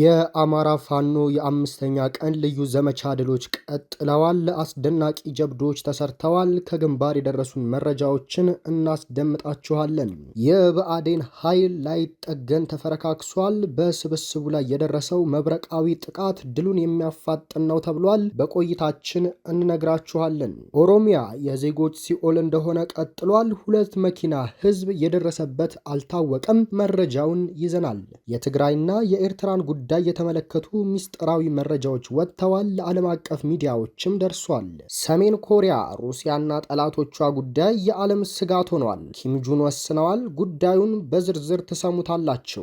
የአማራ ፋኖ የአምስተኛ ቀን ልዩ ዘመቻ ድሎች ቀጥለዋል። አስደናቂ ጀብዶች ተሰርተዋል። ከግንባር የደረሱን መረጃዎችን እናስደምጣችኋለን። የብአዴን ኃይል ላይ ጠገን ተፈረካክሷል። በስብስቡ ላይ የደረሰው መብረቃዊ ጥቃት ድሉን የሚያፋጥን ነው ተብሏል። በቆይታችን እንነግራችኋለን። ኦሮሚያ የዜጎች ሲኦል እንደሆነ ቀጥሏል። ሁለት መኪና ህዝብ የደረሰበት አልታወቀም። መረጃውን ይዘናል። የትግራይና የኤርትራን ጉዳይ ጉዳይ የተመለከቱ ሚስጥራዊ መረጃዎች ወጥተዋል፣ ለዓለም አቀፍ ሚዲያዎችም ደርሷል። ሰሜን ኮሪያ ሩሲያና ጠላቶቿ ጉዳይ የዓለም ስጋት ሆኗል። ኪም ጁን ወስነዋል። ጉዳዩን በዝርዝር ትሰሙታላችሁ።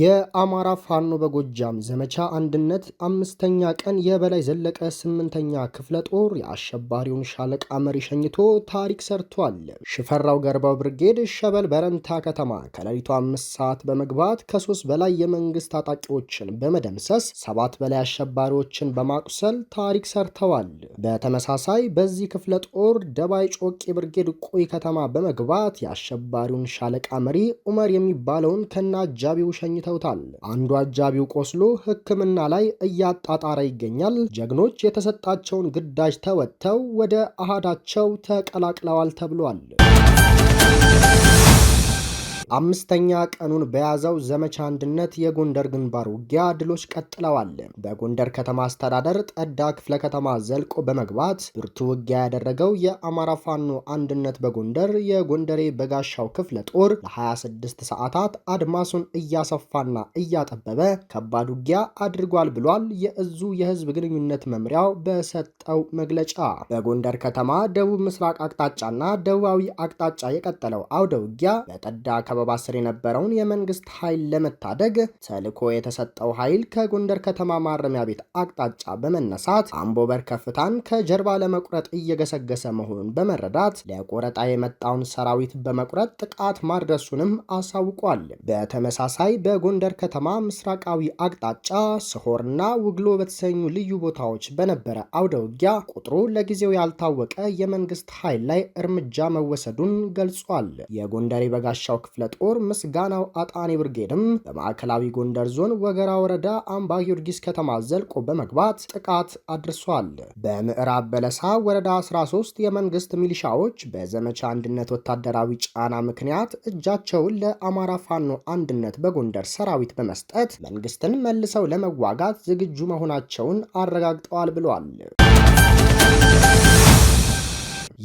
የአማራ ፋኖ በጎጃም ዘመቻ አንድነት አምስተኛ ቀን የበላይ ዘለቀ ስምንተኛ ክፍለ ጦር የአሸባሪውን ሻለቃ መሪ ሸኝቶ ታሪክ ሰርቷል። ሽፈራው ገርባው ብርጌድ ሸበል በረንታ ከተማ ከሌሊቱ አምስት ሰዓት በመግባት ከሶስት በላይ የመንግስት ታጣቂዎችን በመደምሰስ ሰባት በላይ አሸባሪዎችን በማቁሰል ታሪክ ሰርተዋል። በተመሳሳይ በዚህ ክፍለ ጦር ደባይ ጮቄ ብርጌድ ቁይ ከተማ በመግባት የአሸባሪውን ሻለቃ መሪ ዑመር የሚባለውን ከነ አጃቢው ሸኝቶ አግኝተውታል። አንዱ አጃቢው ቆስሎ ሕክምና ላይ እያጣጣረ ይገኛል። ጀግኖች የተሰጣቸውን ግዳጅ ተወጥተው ወደ አሃዳቸው ተቀላቅለዋል ተብሏል። አምስተኛ ቀኑን በያዘው ዘመቻ አንድነት የጎንደር ግንባር ውጊያ ድሎች ቀጥለዋል። በጎንደር ከተማ አስተዳደር ጠዳ ክፍለ ከተማ ዘልቆ በመግባት ብርቱ ውጊያ ያደረገው የአማራ ፋኖ አንድነት በጎንደር የጎንደሬ በጋሻው ክፍለ ጦር ለ26 ሰዓታት አድማሱን እያሰፋና እያጠበበ ከባድ ውጊያ አድርጓል ብሏል የእዙ የህዝብ ግንኙነት መምሪያው በሰጠው መግለጫ። በጎንደር ከተማ ደቡብ ምስራቅ አቅጣጫና ደቡባዊ አቅጣጫ የቀጠለው አውደ ውጊያ በጠዳ ከበባ ስር የነበረውን የመንግስት ኃይል ለመታደግ ተልዕኮ የተሰጠው ኃይል ከጎንደር ከተማ ማረሚያ ቤት አቅጣጫ በመነሳት አምቦበር ከፍታን ከጀርባ ለመቁረጥ እየገሰገሰ መሆኑን በመረዳት ለቆረጣ የመጣውን ሰራዊት በመቁረጥ ጥቃት ማድረሱንም አሳውቋል። በተመሳሳይ በጎንደር ከተማ ምስራቃዊ አቅጣጫ ስሆርና ውግሎ በተሰኙ ልዩ ቦታዎች በነበረ አውደውጊያ ቁጥሩ ለጊዜው ያልታወቀ የመንግስት ኃይል ላይ እርምጃ መወሰዱን ገልጿል። የጎንደር የበጋሻው ክፍለ ለጦር ምስጋናው አጣኔ ብርጌድም በማዕከላዊ ጎንደር ዞን ወገራ ወረዳ አምባ ጊዮርጊስ ከተማ ዘልቆ በመግባት ጥቃት አድርሷል። በምዕራብ በለሳ ወረዳ 13 የመንግስት ሚሊሻዎች በዘመቻ አንድነት ወታደራዊ ጫና ምክንያት እጃቸውን ለአማራ ፋኖ አንድነት በጎንደር ሰራዊት በመስጠት መንግስትን መልሰው ለመዋጋት ዝግጁ መሆናቸውን አረጋግጠዋል ብሏል።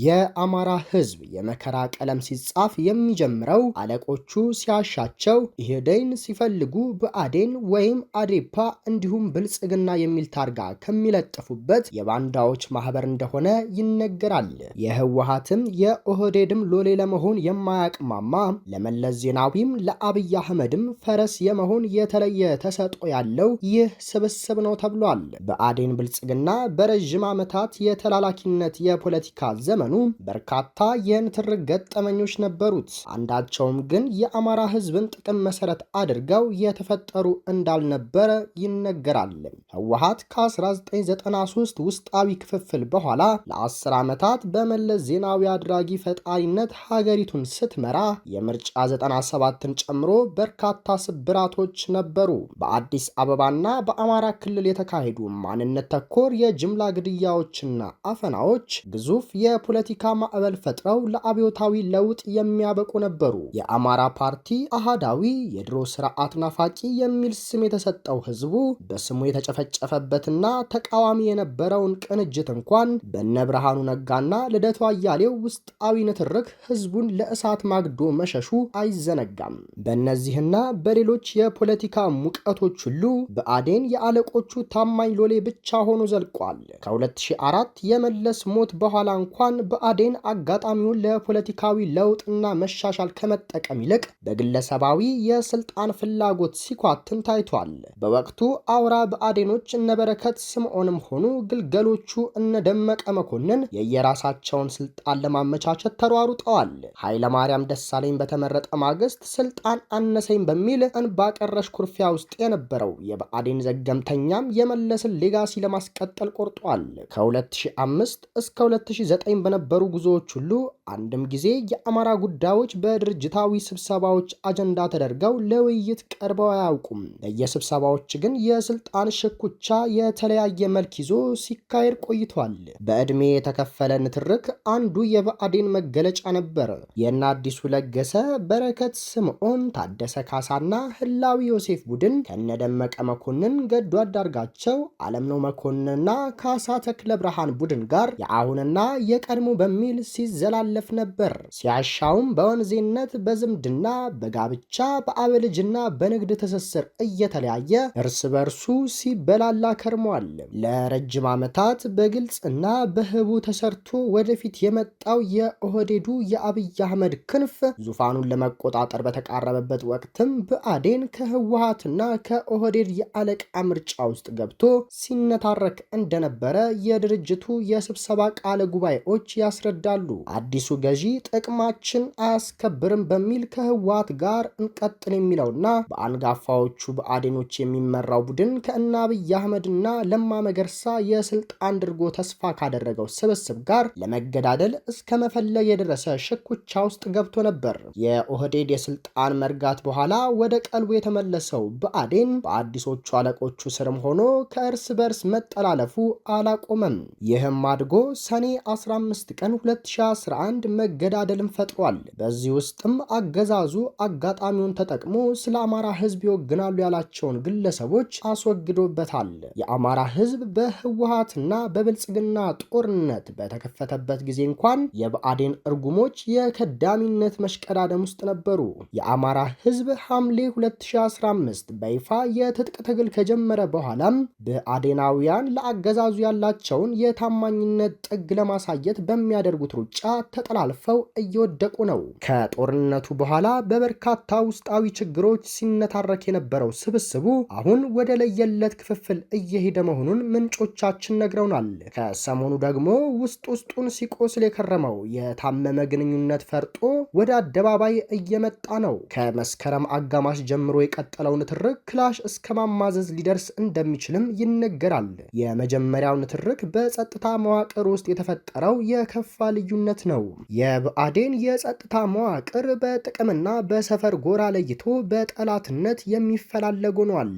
የአማራ ህዝብ የመከራ ቀለም ሲጻፍ የሚጀምረው አለቆቹ ሲያሻቸው ኢህዴን ሲፈልጉ ብአዴን ወይም አዴፓ እንዲሁም ብልጽግና የሚል ታርጋ ከሚለጥፉበት የባንዳዎች ማህበር እንደሆነ ይነገራል። የህወሀትም የኦህዴድም ሎሌ ለመሆን የማያቅማማ ለመለስ ዜናዊም ለአብይ አህመድም ፈረስ የመሆን የተለየ ተሰጦ ያለው ይህ ስብስብ ነው ተብሏል። ብአዴን ብልጽግና በረዥም ዓመታት የተላላኪነት የፖለቲካ ዘመን ዘመኑ በርካታ የንትርክ ገጠመኞች ነበሩት። አንዳቸውም ግን የአማራ ህዝብን ጥቅም መሰረት አድርገው የተፈጠሩ እንዳልነበረ ይነገራል። ህወሀት ከ1993 ውስጣዊ ክፍፍል በኋላ ለ10 ዓመታት በመለስ ዜናዊ አድራጊ ፈጣሪነት ሀገሪቱን ስትመራ የምርጫ 97ን ጨምሮ በርካታ ስብራቶች ነበሩ። በአዲስ አበባና በአማራ ክልል የተካሄዱ ማንነት ተኮር የጅምላ ግድያዎችና አፈናዎች ግዙፍ የ የፖለቲካ ማዕበል ፈጥረው ለአብዮታዊ ለውጥ የሚያበቁ ነበሩ። የአማራ ፓርቲ አህዳዊ የድሮ ስርዓት ናፋቂ የሚል ስም የተሰጠው ህዝቡ በስሙ የተጨፈጨፈበትና ተቃዋሚ የነበረውን ቅንጅት እንኳን በነ ብርሃኑ ነጋና ልደቱ አያሌው ውስጣዊ ንትርክ ህዝቡን ለእሳት ማግዶ መሸሹ አይዘነጋም። በእነዚህና በሌሎች የፖለቲካ ሙቀቶች ሁሉ በአዴን የአለቆቹ ታማኝ ሎሌ ብቻ ሆኖ ዘልቋል። ከ2004 የመለስ ሞት በኋላ እንኳን በአዴን አጋጣሚውን ለፖለቲካዊ ለውጥና መሻሻል ከመጠቀም ይልቅ በግለሰባዊ የስልጣን ፍላጎት ሲኳትን ታይቷል። በወቅቱ አውራ በአዴኖች እነበረከት ስምዖንም ሆኑ ግልገሎቹ እነደመቀ መኮንን የየራሳቸውን ስልጣን ለማመቻቸት ተሯሩጠዋል። ኃይለማርያም ደሳለኝ በተመረጠ ማግስት ስልጣን አነሰኝ በሚል እንባቀረሽ ኩርፊያ ውስጥ የነበረው የበአዴን ዘገምተኛም የመለስን ሌጋሲ ለማስቀጠል ቆርጧል። ከ2005 እስከ 2009 በነበሩ ጉዞዎች ሁሉ አንድም ጊዜ የአማራ ጉዳዮች በድርጅታዊ ስብሰባዎች አጀንዳ ተደርገው ለውይይት ቀርበው አያውቁም። በየስብሰባዎች ግን የስልጣን ሽኩቻ የተለያየ መልክ ይዞ ሲካሄድ ቆይቷል። በዕድሜ የተከፈለ ንትርክ አንዱ የብአዴን መገለጫ ነበር። የእነ አዲሱ ለገሰ፣ በረከት ስምዖን፣ ታደሰ ካሳና ህላዊ ዮሴፍ ቡድን ከነደመቀ መኮንን፣ ገዱ አዳርጋቸው፣ አለምነው መኮንንና ካሳ ተክለ ብርሃን ቡድን ጋር የአሁንና የቀድሞ በሚል ሲዘላለ ይተላለፍ ነበር። ሲያሻውም በወንዜነት፣ በዝምድና፣ በጋብቻ፣ በአበልጅና በንግድ ትስስር እየተለያየ እርስ በርሱ ሲበላላ ከርሟል። ለረጅም ዓመታት በግልጽና በህቡ ተሰርቶ ወደፊት የመጣው የኦህዴዱ የአብይ አህመድ ክንፍ ዙፋኑን ለመቆጣጠር በተቃረበበት ወቅትም ብአዴን ከህወሀትና ከኦህዴድ የአለቃ ምርጫ ውስጥ ገብቶ ሲነታረክ እንደነበረ የድርጅቱ የስብሰባ ቃለ ጉባኤዎች ያስረዳሉ። አዲሱ አዲሱ ገዢ ጥቅማችን አያስከብርም በሚል ከህወሓት ጋር እንቀጥል የሚለውና በአንጋፋዎቹ በአዴኖች የሚመራው ቡድን ከእነ አብይ አህመድና ለማ መገርሳ የስልጣን ድርጎ ተስፋ ካደረገው ስብስብ ጋር ለመገዳደል እስከ መፈለግ የደረሰ ሽኩቻ ውስጥ ገብቶ ነበር። የኦህዴድ የስልጣን መርጋት በኋላ ወደ ቀልቡ የተመለሰው በአዴን በአዲሶቹ አለቆቹ ስርም ሆኖ ከእርስ በርስ መጠላለፉ አላቆመም። ይህም አድጎ ሰኔ 15 ቀን 2011 ዘንድ መገዳደልን ፈጥሯል። በዚህ ውስጥም አገዛዙ አጋጣሚውን ተጠቅሞ ስለ አማራ ህዝብ ይወግናሉ ያላቸውን ግለሰቦች አስወግዶበታል። የአማራ ህዝብ በህወሀትና በብልጽግና ጦርነት በተከፈተበት ጊዜ እንኳን የብአዴን እርጉሞች የከዳሚነት መሽቀዳደም ውስጥ ነበሩ። የአማራ ህዝብ ሐምሌ 2015 በይፋ የትጥቅ ትግል ከጀመረ በኋላም ብአዴናውያን ለአገዛዙ ያላቸውን የታማኝነት ጥግ ለማሳየት በሚያደርጉት ሩጫ ተጠላልፈው እየወደቁ ነው። ከጦርነቱ በኋላ በበርካታ ውስጣዊ ችግሮች ሲነታረክ የነበረው ስብስቡ አሁን ወደ ለየለት ክፍፍል እየሄደ መሆኑን ምንጮቻችን ነግረውናል። ከሰሞኑ ደግሞ ውስጥ ውስጡን ሲቆስል የከረመው የታመመ ግንኙነት ፈርጦ ወደ አደባባይ እየመጣ ነው። ከመስከረም አጋማሽ ጀምሮ የቀጠለው ንትርክ ክላሽ እስከ ማማዘዝ ሊደርስ እንደሚችልም ይነገራል። የመጀመሪያው ንትርክ በጸጥታ መዋቅር ውስጥ የተፈጠረው የከፋ ልዩነት ነው። የብአዴን የጸጥታ መዋቅር በጥቅምና በሰፈር ጎራ ለይቶ በጠላትነት የሚፈላለጉ ሆኗል።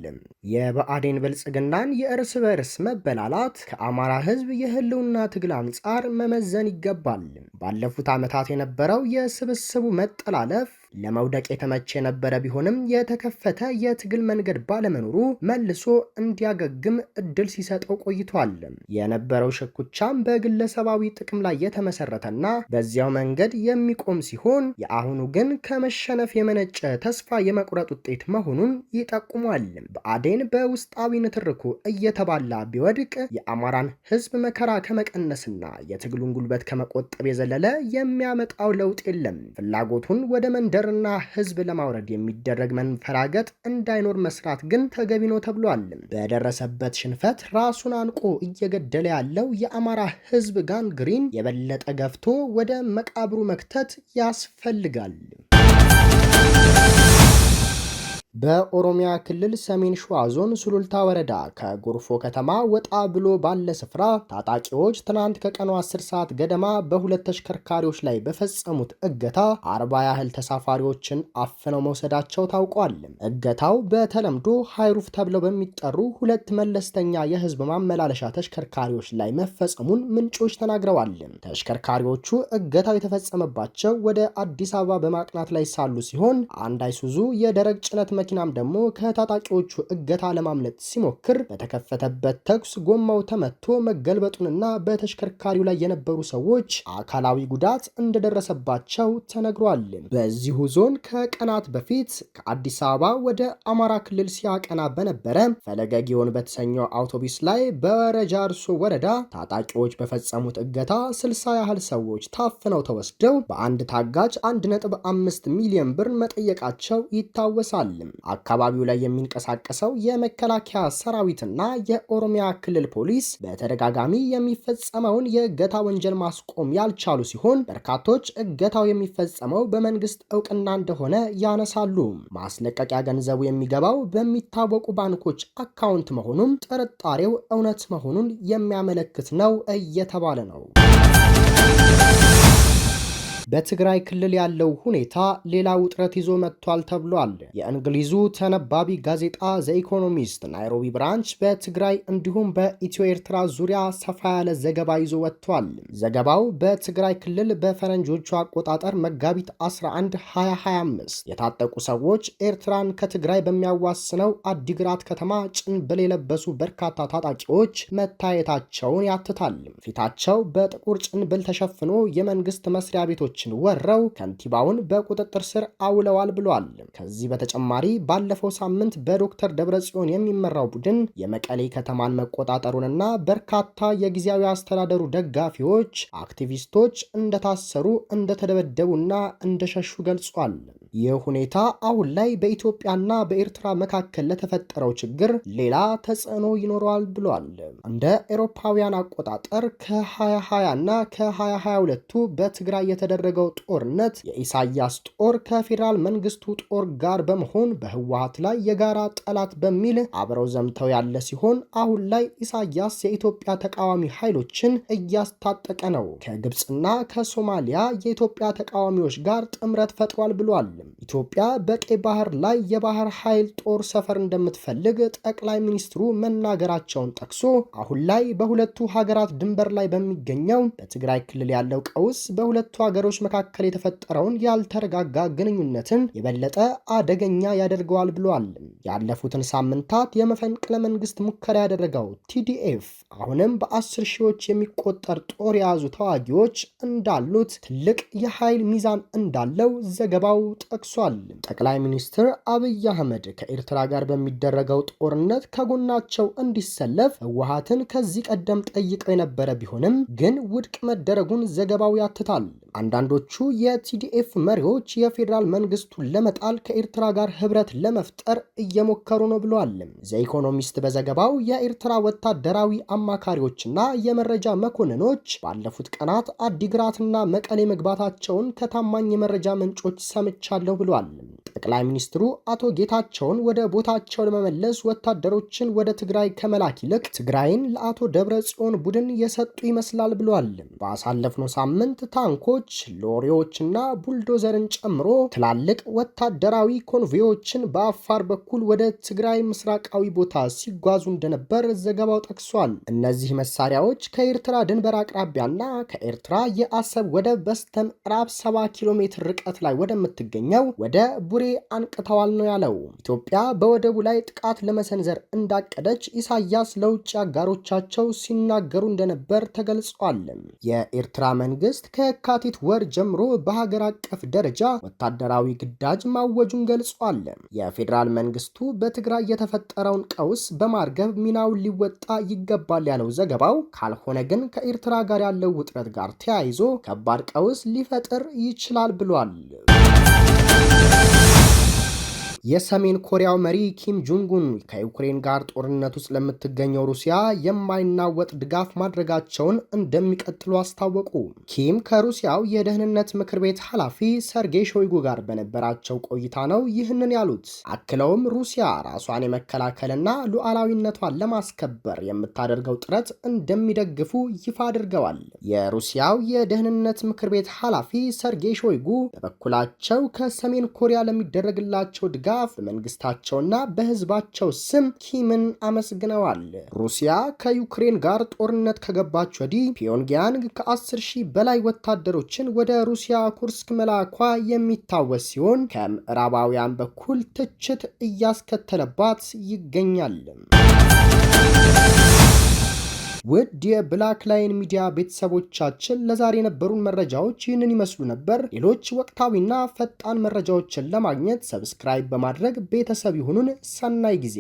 የብአዴን ብልጽግናን የእርስ በርስ መበላላት ከአማራ ህዝብ የህልውና ትግል አንጻር መመዘን ይገባል። ባለፉት ዓመታት የነበረው የስብስቡ መጠላለፍ ለመውደቅ የተመቸ የነበረ ቢሆንም የተከፈተ የትግል መንገድ ባለመኖሩ መልሶ እንዲያገግም እድል ሲሰጠው ቆይቷል። የነበረው ሽኩቻም በግለሰባዊ ጥቅም ላይ የተመሰረተና በዚያው መንገድ የሚቆም ሲሆን የአሁኑ ግን ከመሸነፍ የመነጨ ተስፋ የመቁረጥ ውጤት መሆኑን ይጠቁሟል። በአዴን በውስጣዊ ንትርኩ እየተባላ ቢወድቅ የአማራን ህዝብ መከራ ከመቀነስና የትግሉን ጉልበት ከመቆጠብ የዘለለ የሚያመጣው ለውጥ የለም። ፍላጎቱን ወደ መንደር ሀገርና ህዝብ ለማውረድ የሚደረግ መንፈራገጥ እንዳይኖር መስራት ግን ተገቢ ነው ተብሏል። በደረሰበት ሽንፈት ራሱን አንቆ እየገደለ ያለው የአማራ ህዝብ ጋንግሪን የበለጠ ገፍቶ ወደ መቃብሩ መክተት ያስፈልጋል። በኦሮሚያ ክልል ሰሜን ሸዋ ዞን ሱሉልታ ወረዳ ከጎርፎ ከተማ ወጣ ብሎ ባለ ስፍራ ታጣቂዎች ትናንት ከቀኑ 10 ሰዓት ገደማ በሁለት ተሽከርካሪዎች ላይ በፈጸሙት እገታ አርባ ያህል ተሳፋሪዎችን አፍነው መውሰዳቸው ታውቋል። እገታው በተለምዶ ሃይሩፍ ተብለው በሚጠሩ ሁለት መለስተኛ የህዝብ ማመላለሻ ተሽከርካሪዎች ላይ መፈጸሙን ምንጮች ተናግረዋል። ተሽከርካሪዎቹ እገታው የተፈጸመባቸው ወደ አዲስ አበባ በማቅናት ላይ ሳሉ ሲሆን አንድ አይሱዙ የደረቅ ጭነት መኪናም ደግሞ ከታጣቂዎቹ እገታ ለማምለጥ ሲሞክር በተከፈተበት ተኩስ ጎማው ተመቶ መገልበጡንና በተሽከርካሪው ላይ የነበሩ ሰዎች አካላዊ ጉዳት እንደደረሰባቸው ተነግሯል። በዚሁ ዞን ከቀናት በፊት ከአዲስ አበባ ወደ አማራ ክልል ሲያቀና በነበረ ፈለገ ጊዮን በተሰኘው አውቶቡስ ላይ በረጃርሶ ወረዳ ታጣቂዎች በፈጸሙት እገታ ስልሳ ያህል ሰዎች ታፍነው ተወስደው በአንድ ታጋጅ 1.5 ሚሊዮን ብር መጠየቃቸው ይታወሳል። አካባቢው ላይ የሚንቀሳቀሰው የመከላከያ ሰራዊትና የኦሮሚያ ክልል ፖሊስ በተደጋጋሚ የሚፈጸመውን የእገታ ወንጀል ማስቆም ያልቻሉ ሲሆን በርካቶች እገታው የሚፈጸመው በመንግስት እውቅና እንደሆነ ያነሳሉ። ማስለቀቂያ ገንዘቡ የሚገባው በሚታወቁ ባንኮች አካውንት መሆኑም ጥርጣሬው እውነት መሆኑን የሚያመለክት ነው እየተባለ ነው። በትግራይ ክልል ያለው ሁኔታ ሌላ ውጥረት ይዞ መጥቷል ተብሏል። የእንግሊዙ ተነባቢ ጋዜጣ ዘኢኮኖሚስት ናይሮቢ ብራንች በትግራይ እንዲሁም በኢትዮ ኤርትራ ዙሪያ ሰፋ ያለ ዘገባ ይዞ ወጥቷል። ዘገባው በትግራይ ክልል በፈረንጆቹ አቆጣጠር መጋቢት 11 2025 የታጠቁ ሰዎች ኤርትራን ከትግራይ በሚያዋስነው አዲግራት ከተማ ጭንብል የለበሱ በርካታ ታጣቂዎች መታየታቸውን ያትታል። ፊታቸው በጥቁር ጭንብል ተሸፍኖ የመንግስት መስሪያ ቤቶች ሰዎችን ወረው ከንቲባውን በቁጥጥር ስር አውለዋል ብሏል። ከዚህ በተጨማሪ ባለፈው ሳምንት በዶክተር ደብረጽዮን የሚመራው ቡድን የመቀሌ ከተማን መቆጣጠሩንና በርካታ የጊዜያዊ አስተዳደሩ ደጋፊዎች፣ አክቲቪስቶች እንደታሰሩ እንደተደበደቡና እንደሸሹ ገልጿል። ይህ ሁኔታ አሁን ላይ በኢትዮጵያና በኤርትራ መካከል ለተፈጠረው ችግር ሌላ ተጽዕኖ ይኖረዋል ብሏል። እንደ ኤሮፓውያን አቆጣጠር ከ2020 እና ከ2022ቱ በትግራይ የተደረገ በተደረገው ጦርነት የኢሳያስ ጦር ከፌዴራል መንግስቱ ጦር ጋር በመሆን በህወሀት ላይ የጋራ ጠላት በሚል አብረው ዘምተው ያለ ሲሆን አሁን ላይ ኢሳያስ የኢትዮጵያ ተቃዋሚ ኃይሎችን እያስታጠቀ ነው። ከግብፅና ከሶማሊያ የኢትዮጵያ ተቃዋሚዎች ጋር ጥምረት ፈጥሯል ብሏል። ኢትዮጵያ በቀይ ባህር ላይ የባህር ኃይል ጦር ሰፈር እንደምትፈልግ ጠቅላይ ሚኒስትሩ መናገራቸውን ጠቅሶ አሁን ላይ በሁለቱ ሀገራት ድንበር ላይ በሚገኘው በትግራይ ክልል ያለው ቀውስ በሁለቱ ሀገሮች መካከል የተፈጠረውን ያልተረጋጋ ግንኙነትን የበለጠ አደገኛ ያደርገዋል ብሏል። ያለፉትን ሳምንታት የመፈንቅለ መንግስት ሙከራ ያደረገው ቲዲኤፍ አሁንም በአስር ሺዎች የሚቆጠር ጦር የያዙ ተዋጊዎች እንዳሉት ትልቅ የኃይል ሚዛን እንዳለው ዘገባው ጠቅሷል። ጠቅላይ ሚኒስትር አብይ አህመድ ከኤርትራ ጋር በሚደረገው ጦርነት ከጎናቸው እንዲሰለፍ ህወሀትን ከዚህ ቀደም ጠይቀው የነበረ ቢሆንም ግን ውድቅ መደረጉን ዘገባው ያትታል። አንዳንዶቹ የቲዲኤፍ መሪዎች የፌዴራል መንግስቱን ለመጣል ከኤርትራ ጋር ህብረት ለመፍጠር እየሞከሩ ነው ብለዋል። ዘኢኮኖሚስት በዘገባው የኤርትራ ወታደራዊ አማካሪዎችና የመረጃ መኮንኖች ባለፉት ቀናት አዲግራትና መቀሌ መግባታቸውን ከታማኝ የመረጃ ምንጮች ሰምቻለሁ ብለዋል። ጠቅላይ ሚኒስትሩ አቶ ጌታቸውን ወደ ቦታቸው ለመመለስ ወታደሮችን ወደ ትግራይ ከመላክ ይልቅ ትግራይን ለአቶ ደብረ ጽዮን ቡድን የሰጡ ይመስላል ብሏል። ባሳለፍነው ሳምንት ታንኮች፣ ሎሪዎችና ቡልዶዘርን ጨምሮ ትላልቅ ወታደራዊ ኮንቮዮችን በአፋር በኩል ወደ ትግራይ ምስራቃዊ ቦታ ሲጓዙ እንደነበር ዘገባው ጠቅሷል። እነዚህ መሳሪያዎች ከኤርትራ ድንበር አቅራቢያና ከኤርትራ የአሰብ ወደብ በስተምዕራብ 7 ኪሎ ሜትር ርቀት ላይ ወደምትገኘው ወደ ቡሬ አንቅተዋል ነው ያለው። ኢትዮጵያ በወደቡ ላይ ጥቃት ለመሰንዘር እንዳቀደች ኢሳያስ ለውጭ አጋሮቻቸው ሲናገሩ እንደነበር ተገልጿል። የኤርትራ መንግስት ከየካቲት ወር ጀምሮ በሀገር አቀፍ ደረጃ ወታደራዊ ግዳጅ ማወጁን ገልጿል። የፌዴራል መንግስቱ በትግራይ የተፈጠረውን ቀውስ በማርገብ ሚናውን ሊወጣ ይገባል ያለው ዘገባው ካልሆነ ግን ከኤርትራ ጋር ያለው ውጥረት ጋር ተያይዞ ከባድ ቀውስ ሊፈጥር ይችላል ብሏል። የሰሜን ኮሪያው መሪ ኪም ጁንጉን ከዩክሬን ጋር ጦርነት ውስጥ ለምትገኘው ሩሲያ የማይናወጥ ድጋፍ ማድረጋቸውን እንደሚቀጥሉ አስታወቁ። ኪም ከሩሲያው የደህንነት ምክር ቤት ኃላፊ ሰርጌይ ሾይጉ ጋር በነበራቸው ቆይታ ነው ይህንን ያሉት። አክለውም ሩሲያ ራሷን የመከላከልና ሉዓላዊነቷን ለማስከበር የምታደርገው ጥረት እንደሚደግፉ ይፋ አድርገዋል። የሩሲያው የደህንነት ምክር ቤት ኃላፊ ሰርጌይ ሾይጉ በበኩላቸው ከሰሜን ኮሪያ ለሚደረግላቸው ድጋፍ ድጋፍ በመንግስታቸውና በህዝባቸው ስም ኪምን አመስግነዋል። ሩሲያ ከዩክሬን ጋር ጦርነት ከገባች ወዲህ ፒዮንግያንግ ከ10 ሺህ በላይ ወታደሮችን ወደ ሩሲያ ኩርስክ መላኳ የሚታወስ ሲሆን ከምዕራባውያን በኩል ትችት እያስከተለባት ይገኛል። ውድ የብላክ ላይን ሚዲያ ቤተሰቦቻችን ለዛሬ የነበሩን መረጃዎች ይህንን ይመስሉ ነበር። ሌሎች ወቅታዊና ፈጣን መረጃዎችን ለማግኘት ሰብስክራይብ በማድረግ ቤተሰብ ይሁኑን። ሰናይ ጊዜ